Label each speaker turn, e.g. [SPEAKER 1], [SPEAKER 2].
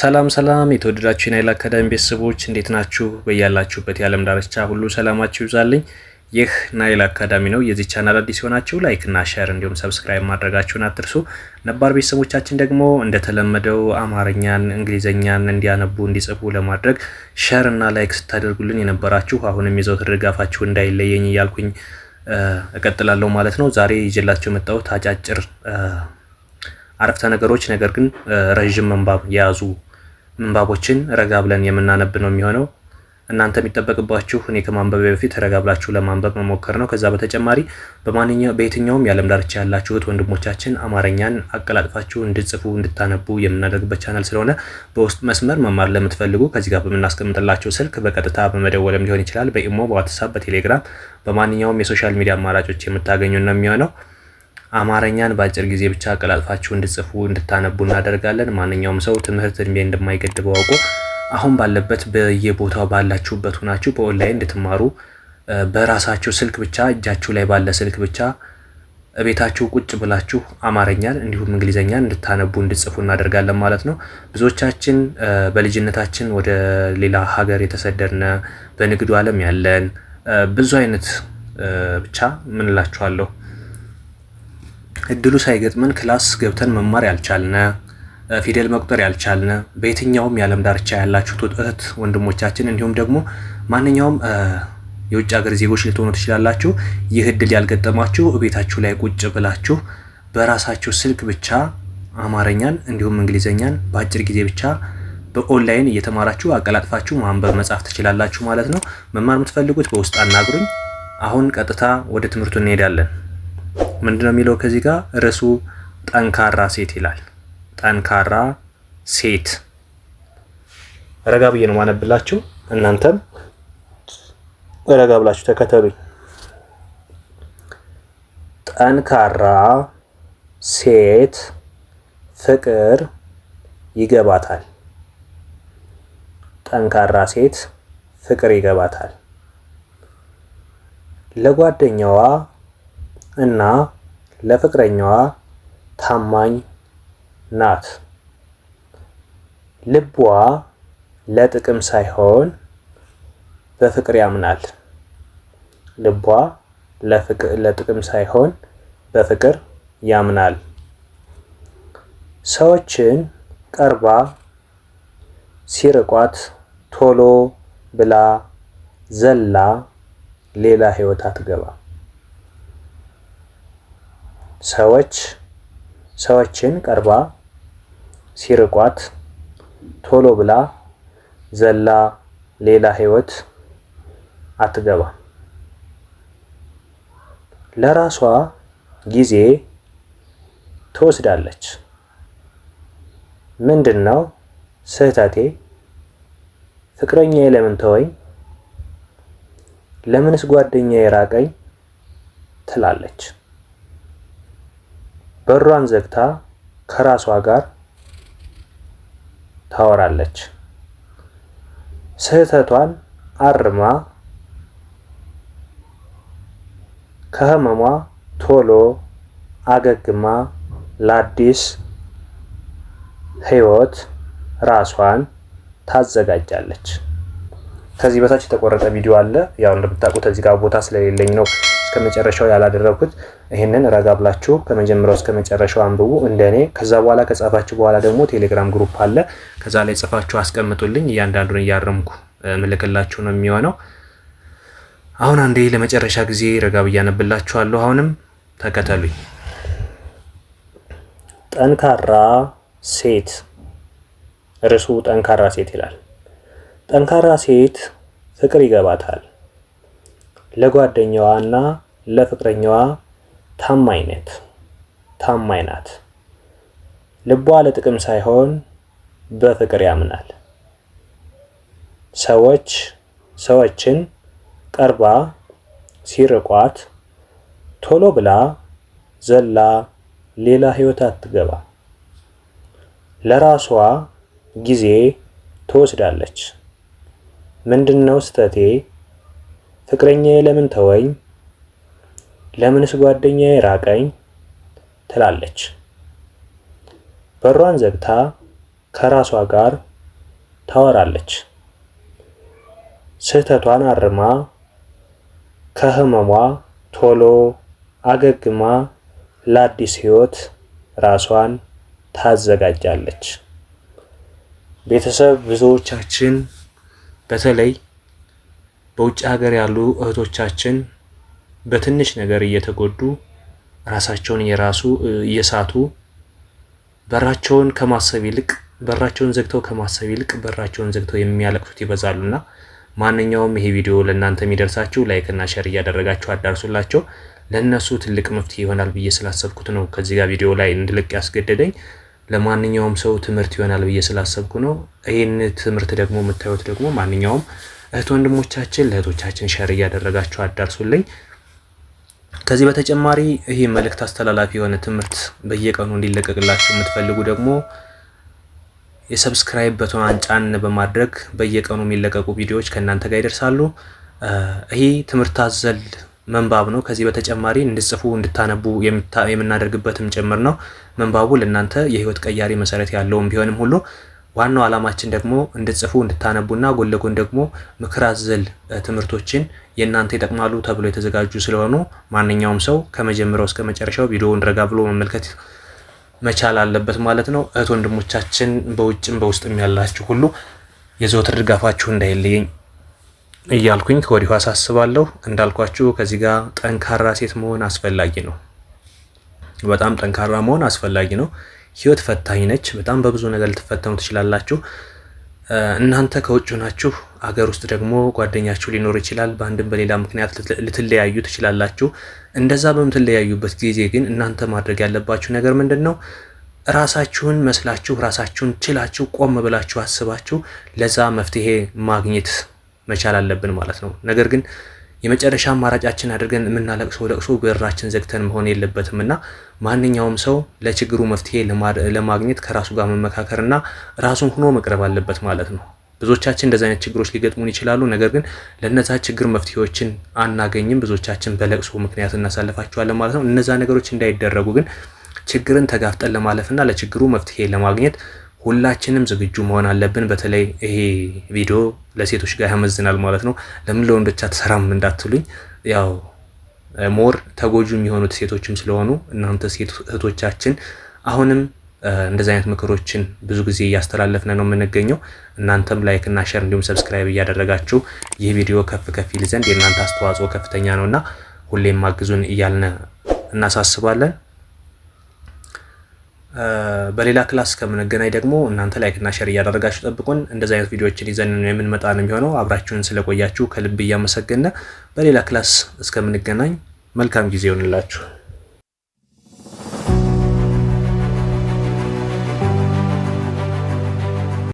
[SPEAKER 1] ሰላም ሰላም የተወደዳችሁ የናይል አካዳሚ ቤተሰቦች እንዴት ናችሁ? በያላችሁበት የዓለም ዳርቻ ሁሉ ሰላማችሁ ይብዛልኝ። ይህ ናይል አካዳሚ ነው። የዚህ ቻናል አዲስ የሆናችሁ ላይክና ሸር እንዲሁም ሰብስክራይብ ማድረጋችሁን አትርሱ። ነባር ቤተሰቦቻችን ደግሞ እንደተለመደው አማርኛን፣ እንግሊዝኛን እንዲያነቡ እንዲጽፉ ለማድረግ ሸር እና ላይክ ስታደርጉልን የነበራችሁ አሁንም የዘወትር ድጋፋችሁ እንዳይለየኝ እያልኩኝ እቀጥላለሁ ማለት ነው። ዛሬ ይዤላችሁ የመጣሁት አጫጭር አረፍተ ነገሮች ነገር ግን ረዥም መንባብ የያዙ ምንባቦችን ረጋ ብለን የምናነብ ነው የሚሆነው። እናንተ የሚጠበቅባችሁ እኔ ከማንበብ በፊት ረጋ ብላችሁ ለማንበብ መሞከር ነው። ከዛ በተጨማሪ በየትኛውም የዓለም ዳርቻ ያላችሁት ወንድሞቻችን አማርኛን አቀላጥፋችሁ እንድጽፉ እንድታነቡ የምናደርግበት ቻናል ስለሆነ በውስጥ መስመር መማር ለምትፈልጉ ከዚህ ጋር በምናስቀምጥላቸው ስልክ በቀጥታ በመደወልም ሊሆን ይችላል። በኢሞ፣ በዋትሳፕ፣ በቴሌግራም በማንኛውም የሶሻል ሚዲያ አማራጮች የምታገኙ ነው የሚሆነው። አማርኛን በአጭር ጊዜ ብቻ አቀላጥፋችሁ እንድጽፉ እንድታነቡ እናደርጋለን። ማንኛውም ሰው ትምህርት እድሜ እንደማይገድበው አውቆ አሁን ባለበት በየቦታው ባላችሁበት ሆናችሁ በኦንላይን እንድትማሩ በራሳችሁ ስልክ ብቻ እጃችሁ ላይ ባለ ስልክ ብቻ ቤታችሁ ቁጭ ብላችሁ አማርኛን እንዲሁም እንግሊዝኛን እንድታነቡ እንድጽፉ እናደርጋለን ማለት ነው። ብዙዎቻችን በልጅነታችን ወደ ሌላ ሀገር የተሰደድነ በንግዱ ዓለም ያለን ብዙ አይነት ብቻ ምንላችኋለሁ እድሉ ሳይገጥመን ክላስ ገብተን መማር ያልቻልነ ፊደል መቁጠር ያልቻልነ በየትኛውም የዓለም ዳርቻ ያላችሁት እህት ወንድሞቻችን እንዲሁም ደግሞ ማንኛውም የውጭ ሀገር ዜጎች ልትሆኑ ትችላላችሁ። ይህ እድል ያልገጠማችሁ ቤታችሁ ላይ ቁጭ ብላችሁ በራሳችሁ ስልክ ብቻ አማርኛን እንዲሁም እንግሊዘኛን በአጭር ጊዜ ብቻ በኦንላይን እየተማራችሁ አቀላጥፋችሁ ማንበብ መጻፍ ትችላላችሁ ማለት ነው። መማር የምትፈልጉት በውስጥ አናግሩኝ። አሁን ቀጥታ ወደ ትምህርቱ እንሄዳለን። ምንድነው የሚለው ከዚህ ጋር ርዕሱ ጠንካራ ሴት ይላል። ጠንካራ ሴት ረጋ ብዬ ነው ማነብላችሁ። እናንተም ረጋ ብላችሁ ተከተሉኝ።
[SPEAKER 2] ጠንካራ ሴት ፍቅር ይገባታል። ጠንካራ ሴት ፍቅር ይገባታል። ለጓደኛዋ እና ለፍቅረኛዋ ታማኝ ናት። ልቧ ለጥቅም ሳይሆን በፍቅር ያምናል። ልቧ ለጥቅም ሳይሆን በፍቅር ያምናል። ሰዎችን ቀርባ ሲርቋት ቶሎ ብላ ዘላ ሌላ ህይወት አትገባ። ሰዎች ሰዎችን ቀርባ ሲርቋት ቶሎ ብላ ዘላ ሌላ ህይወት አትገባ። ለራሷ ጊዜ ትወስዳለች። ምንድን ነው ስህተቴ? ፍቅረኛዬ ለምን ተወኝ? ለምንስ ጓደኛዬ ራቀኝ? ትላለች። በሯን ዘግታ ከራሷ ጋር ታወራለች። ስህተቷን አርማ ከህመሟ ቶሎ አገግማ ለአዲስ ህይወት ራሷን ታዘጋጃለች።
[SPEAKER 1] ከዚህ በታች የተቆረጠ ቪዲዮ አለ። ያው እንደምታውቁት እዚህ ጋር ቦታ ስለሌለኝ ነው እስከ መጨረሻው ያላደረኩት ይህንን ረጋ ብላችሁ ከመጀመሪያው እስከ መጨረሻው አንብቡ እንደኔ። ከዛ በኋላ ከጻፋችሁ በኋላ ደግሞ ቴሌግራም ግሩፕ አለ። ከዛ ላይ ጽፋችሁ አስቀምጡልኝ። እያንዳንዱን እያረምኩ ምልክላችሁ ነው የሚሆነው። አሁን አንዴ ለመጨረሻ ጊዜ ረጋ ብዬ አነብላችኋለሁ። አሁንም ተከተሉኝ።
[SPEAKER 2] ጠንካራ ሴት ርዕሱ ጠንካራ ሴት ይላል። ጠንካራ ሴት ፍቅር ይገባታል ለጓደኛዋ እና ለፍቅረኛዋ ታማኝ ናት ታማኝ ናት። ልቧ ለጥቅም ሳይሆን በፍቅር ያምናል። ሰዎች ሰዎችን ቀርባ ሲርቋት ቶሎ ብላ ዘላ ሌላ ህይወት አትገባ። ለራሷ ጊዜ ትወስዳለች። ምንድነው ስህተቴ? ፍቅረኛዬ ለምን ተወኝ? ለምንስ ጓደኛዬ ራቀኝ? ትላለች። በሯን ዘግታ ከራሷ ጋር ታወራለች። ስህተቷን አርማ ከህመሟ ቶሎ አገግማ ለአዲስ ህይወት ራሷን ታዘጋጃለች።
[SPEAKER 1] ቤተሰብ ብዙዎቻችን በተለይ በውጭ ሀገር ያሉ እህቶቻችን በትንሽ ነገር እየተጎዱ ራሳቸውን እየራሱ እየሳቱ በራቸውን ከማሰብ ይልቅ በራቸውን ዘግተው ከማሰብ ይልቅ በራቸውን ዘግተው የሚያለቅሱት ይበዛሉና ማንኛውም ይሄ ቪዲዮ ለእናንተ የሚደርሳችሁ እና ሸር እያደረጋችሁ አዳርሱላቸው። ለእነሱ ትልቅ መፍትሄ ይሆናል ብዬ ስላሰብኩት ነው ከዚህ ጋር ቪዲዮ ላይ እንድልቅ ያስገደደኝ። ለማንኛውም ሰው ትምህርት ይሆናል ብዬ ስላሰብኩ ነው። ይህን ትምህርት ደግሞ የምታዩት ደግሞ ማንኛውም እህት ወንድሞቻችን ለእህቶቻችን ሸር እያደረጋችሁ አዳርሱልኝ። ከዚህ በተጨማሪ ይህ መልእክት አስተላላፊ የሆነ ትምህርት በየቀኑ እንዲለቀቅላችሁ የምትፈልጉ ደግሞ የሰብስክራይብ በቶን ጫን በማድረግ በየቀኑ የሚለቀቁ ቪዲዮዎች ከእናንተ ጋር ይደርሳሉ። ይህ ትምህርት አዘል መንባብ ነው። ከዚህ በተጨማሪ እንድጽፉ እንድታነቡ የምናደርግበትም ጭምር ነው። መንባቡ ለእናንተ የህይወት ቀያሪ መሰረት ያለውም ቢሆንም ሁሉ ዋናው ዓላማችን ደግሞ እንድጽፉ እንድታነቡና ጎን ለጎን ደግሞ ምክር አዘል ትምህርቶችን የእናንተ ይጠቅማሉ ተብሎ የተዘጋጁ ስለሆኑ ማንኛውም ሰው ከመጀመሪያው እስከ መጨረሻው ቪዲዮውን ረጋ ብሎ መመልከት መቻል አለበት ማለት ነው። እህት ወንድሞቻችን በውጭም በውስጥም ያላችሁ ሁሉ የዘወትር ድጋፋችሁ እንዳይለየኝ እያልኩኝ ከወዲሁ አሳስባለሁ። እንዳልኳችሁ ከዚህ ጋር ጠንካራ ሴት መሆን አስፈላጊ ነው። በጣም ጠንካራ መሆን አስፈላጊ ነው። ህይወት ፈታኝ ነች። በጣም በብዙ ነገር ልትፈተኑ ትችላላችሁ። እናንተ ከውጭ ናችሁ፣ አገር ውስጥ ደግሞ ጓደኛችሁ ሊኖር ይችላል። በአንድም በሌላ ምክንያት ልትለያዩ ትችላላችሁ። እንደዛ በምትለያዩበት ጊዜ ግን እናንተ ማድረግ ያለባችሁ ነገር ምንድን ነው? ራሳችሁን መስላችሁ ራሳችሁን ችላችሁ ቆም ብላችሁ አስባችሁ ለዛ መፍትሄ ማግኘት መቻል አለብን ማለት ነው። ነገር ግን የመጨረሻ አማራጫችን አድርገን የምናለቅሰው ለቅሶ በራችን ዘግተን መሆን የለበትም እና ማንኛውም ሰው ለችግሩ መፍትሄ ለማግኘት ከራሱ ጋር መመካከርና ራሱን ሆኖ መቅረብ አለበት ማለት ነው። ብዙዎቻችን እንደዚ አይነት ችግሮች ሊገጥሙን ይችላሉ። ነገር ግን ለእነዛ ችግር መፍትሄዎችን አናገኝም። ብዙዎቻችን በለቅሶ ምክንያት እናሳልፋቸዋለን ማለት ነው። እነዛ ነገሮች እንዳይደረጉ ግን ችግርን ተጋፍጠን ለማለፍና ለችግሩ መፍትሄ ለማግኘት ሁላችንም ዝግጁ መሆን አለብን። በተለይ ይሄ ቪዲዮ ለሴቶች ጋር ያመዝናል ማለት ነው። ለምን ለወንዶች አትሰራም እንዳትሉኝ ያው ሞር ተጎጁ የሚሆኑት ሴቶችም ስለሆኑ እናንተ ሴት እህቶቻችን አሁንም እንደዚህ አይነት ምክሮችን ብዙ ጊዜ እያስተላለፍነ ነው የምንገኘው። እናንተም ላይክ እና ሸር እንዲሁም ሰብስክራይብ እያደረጋችሁ ይህ ቪዲዮ ከፍ ከፍ ይል ዘንድ የእናንተ አስተዋጽኦ ከፍተኛ ነውና ሁሌም ማግዙን እያልን እናሳስባለን። በሌላ ክላስ ከምንገናኝ ደግሞ እናንተ ላይክና ሸር እያደረጋችሁ ጠብቁን። እንደዚህ አይነት ቪዲዮዎችን ይዘን የምንመጣ ነው የሚሆነው። አብራችሁን ስለቆያችሁ ከልብ እያመሰገነ በሌላ ክላስ እስከምንገናኝ መልካም ጊዜ ይሆንላችሁ።